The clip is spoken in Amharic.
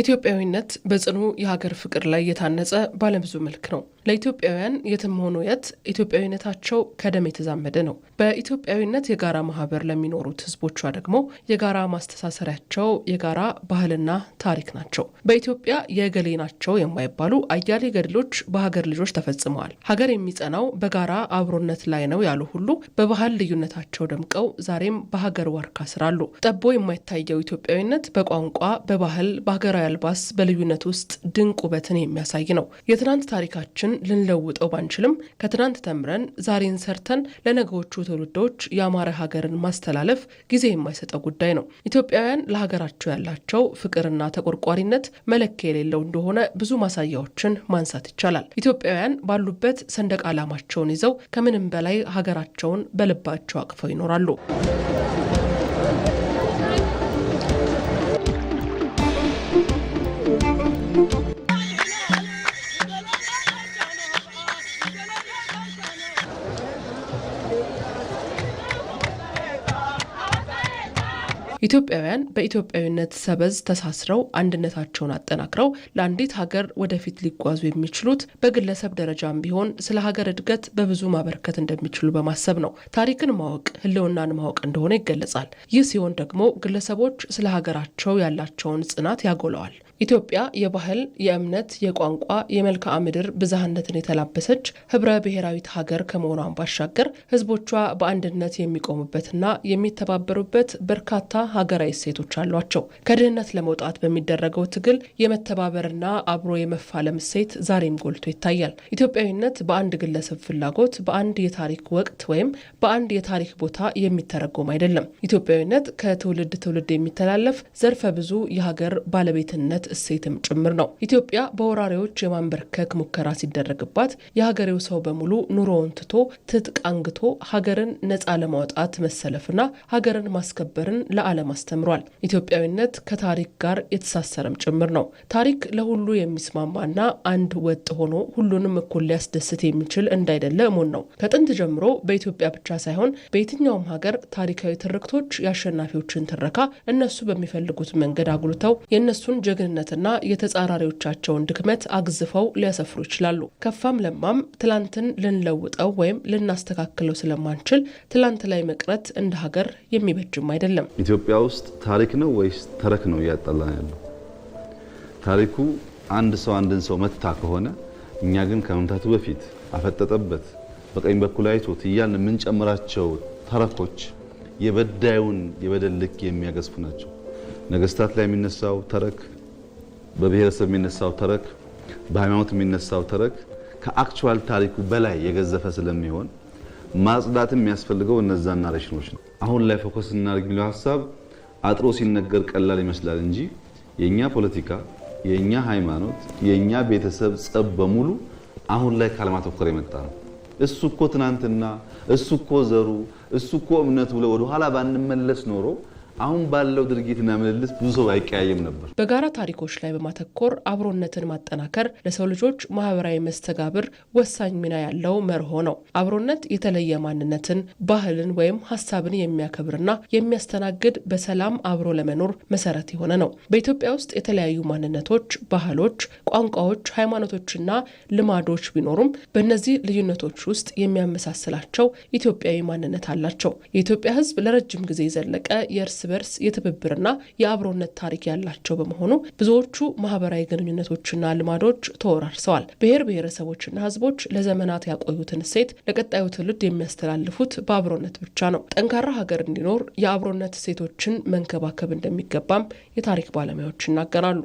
ኢትዮጵያዊነት በጽኑ የሀገር ፍቅር ላይ የታነጸ ባለብዙ መልክ ነው። ለኢትዮጵያውያን የትም ሆኖ የት ኢትዮጵያዊነታቸው ከደም የተዛመደ ነው። በኢትዮጵያዊነት የጋራ ማህበር ለሚኖሩት ህዝቦቿ ደግሞ የጋራ ማስተሳሰሪያቸው የጋራ ባህልና ታሪክ ናቸው። በኢትዮጵያ የገሌ ናቸው የማይባሉ አያሌ ገድሎች በሀገር ልጆች ተፈጽመዋል። ሀገር የሚጸናው በጋራ አብሮነት ላይ ነው ያሉ ሁሉ በባህል ልዩነታቸው ደምቀው ዛሬም በሀገር ዋርካ ስራሉ። ጠቦ የማይታየው ኢትዮጵያዊነት በቋንቋ፣ በባህል፣ በሀገራዊ አልባስ፣ በልዩነት ውስጥ ድንቅ ውበትን የሚያሳይ ነው። የትናንት ታሪካችን ልንለውጠው ባንችልም ከትናንት ተምረን ዛሬን ሰርተን ለነገዎቹ ትውልዶች የአማረ ሀገርን ማስተላለፍ ጊዜ የማይሰጠው ጉዳይ ነው። ኢትዮጵያውያን ለሀገራቸው ያላቸው ፍቅርና ተቆርቋሪነት መለኪያ የሌለው እንደሆነ ብዙ ማሳያዎችን ማንሳት ይቻላል። ኢትዮጵያውያን ባሉበት ሰንደቅ ዓላማቸውን ይዘው ከምንም በላይ ሀገራቸውን በልባቸው አቅፈው ይኖራሉ። ኢትዮጵያውያን በኢትዮጵያዊነት ሰበዝ ተሳስረው አንድነታቸውን አጠናክረው ለአንዲት ሀገር ወደፊት ሊጓዙ የሚችሉት በግለሰብ ደረጃም ቢሆን ስለ ሀገር እድገት በብዙ ማበረከት እንደሚችሉ በማሰብ ነው። ታሪክን ማወቅ ህልውናን ማወቅ እንደሆነ ይገለጻል። ይህ ሲሆን ደግሞ ግለሰቦች ስለ ሀገራቸው ያላቸውን ጽናት ያጎለዋል። ኢትዮጵያ የባህል፣ የእምነት፣ የቋንቋ፣ የመልክዓ ምድር ብዝሃነትን የተላበሰች ህብረ ብሔራዊት ሀገር ከመሆኗን ባሻገር ህዝቦቿ በአንድነት የሚቆሙበትና የሚተባበሩበት በርካታ ሀገራዊ እሴቶች አሏቸው። ከድህነት ለመውጣት በሚደረገው ትግል የመተባበርና አብሮ የመፋለም እሴት ዛሬም ጎልቶ ይታያል። ኢትዮጵያዊነት በአንድ ግለሰብ ፍላጎት፣ በአንድ የታሪክ ወቅት ወይም በአንድ የታሪክ ቦታ የሚተረጎም አይደለም። ኢትዮጵያዊነት ከትውልድ ትውልድ የሚተላለፍ ዘርፈ ብዙ የሀገር ባለቤትነት የማንነት እሴትም ጭምር ነው። ኢትዮጵያ በወራሪዎች የማንበርከክ ሙከራ ሲደረግባት የሀገሬው ሰው በሙሉ ኑሮውን ትቶ ትጥቅ አንግቶ ሀገርን ነፃ ለማውጣት መሰለፍና ሀገርን ማስከበርን ለዓለም አስተምሯል። ኢትዮጵያዊነት ከታሪክ ጋር የተሳሰረም ጭምር ነው። ታሪክ ለሁሉ የሚስማማና አንድ ወጥ ሆኖ ሁሉንም እኩል ሊያስደስት የሚችል እንዳይደለ እሙን ነው። ከጥንት ጀምሮ በኢትዮጵያ ብቻ ሳይሆን በየትኛውም ሀገር ታሪካዊ ትርክቶች የአሸናፊዎችን ትረካ እነሱ በሚፈልጉት መንገድ አጉልተው የእነሱን ጀግን ማንነትና የተጻራሪዎቻቸውን ድክመት አግዝፈው ሊያሰፍሩ ይችላሉ። ከፋም ለማም ትላንትን ልንለውጠው ወይም ልናስተካክለው ስለማንችል ትላንት ላይ መቅረት እንደ ሀገር የሚበጅም አይደለም። ኢትዮጵያ ውስጥ ታሪክ ነው ወይስ ተረክ ነው እያጠላ ያለው? ታሪኩ አንድ ሰው አንድን ሰው መታ ከሆነ እኛ ግን ከመምታቱ በፊት አፈጠጠበት፣ በቀኝ በኩል አይቶት እያልን የምንጨምራቸው ተረኮች የበዳዩን የበደል ልክ የሚያገዝፉ ናቸው። ነገስታት ላይ የሚነሳው ተረክ በብሔረሰብ የሚነሳው ተረክ፣ በሃይማኖት የሚነሳው ተረክ ከአክቹዋል ታሪኩ በላይ የገዘፈ ስለሚሆን ማጽዳት የሚያስፈልገው እነዛ ናሬሽኖች ነው። አሁን ላይ ፎከስ እናደርግ የሚለው ሀሳብ አጥሮ ሲነገር ቀላል ይመስላል እንጂ የእኛ ፖለቲካ፣ የእኛ ሃይማኖት፣ የእኛ ቤተሰብ ጸብ በሙሉ አሁን ላይ ካለማተኮር የመጣ ነው። እሱ እኮ ትናንትና፣ እሱ እኮ ዘሩ፣ እሱ እኮ እምነቱ ብለው ወደኋላ ባንመለስ ኖሮ አሁን ባለው ድርጊትና ምልልስ ብዙ ሰው አይቀያየም ነበር። በጋራ ታሪኮች ላይ በማተኮር አብሮነትን ማጠናከር ለሰው ልጆች ማህበራዊ መስተጋብር ወሳኝ ሚና ያለው መርሆ ነው። አብሮነት የተለየ ማንነትን፣ ባህልን ወይም ሀሳብን የሚያከብርና የሚያስተናግድ በሰላም አብሮ ለመኖር መሰረት የሆነ ነው። በኢትዮጵያ ውስጥ የተለያዩ ማንነቶች፣ ባህሎች፣ ቋንቋዎች፣ ሃይማኖቶችና ልማዶች ቢኖሩም በእነዚህ ልዩነቶች ውስጥ የሚያመሳስላቸው ኢትዮጵያዊ ማንነት አላቸው። የኢትዮጵያ ሕዝብ ለረጅም ጊዜ የዘለቀ የእርስ በርስ የትብብርና የአብሮነት ታሪክ ያላቸው በመሆኑ ብዙዎቹ ማህበራዊ ግንኙነቶችና ልማዶች ተወራርሰዋል። ብሔር ብሔረሰቦችና ህዝቦች ለዘመናት ያቆዩትን እሴት ለቀጣዩ ትውልድ የሚያስተላልፉት በአብሮነት ብቻ ነው። ጠንካራ ሀገር እንዲኖር የአብሮነት እሴቶችን መንከባከብ እንደሚገባም የታሪክ ባለሙያዎች ይናገራሉ።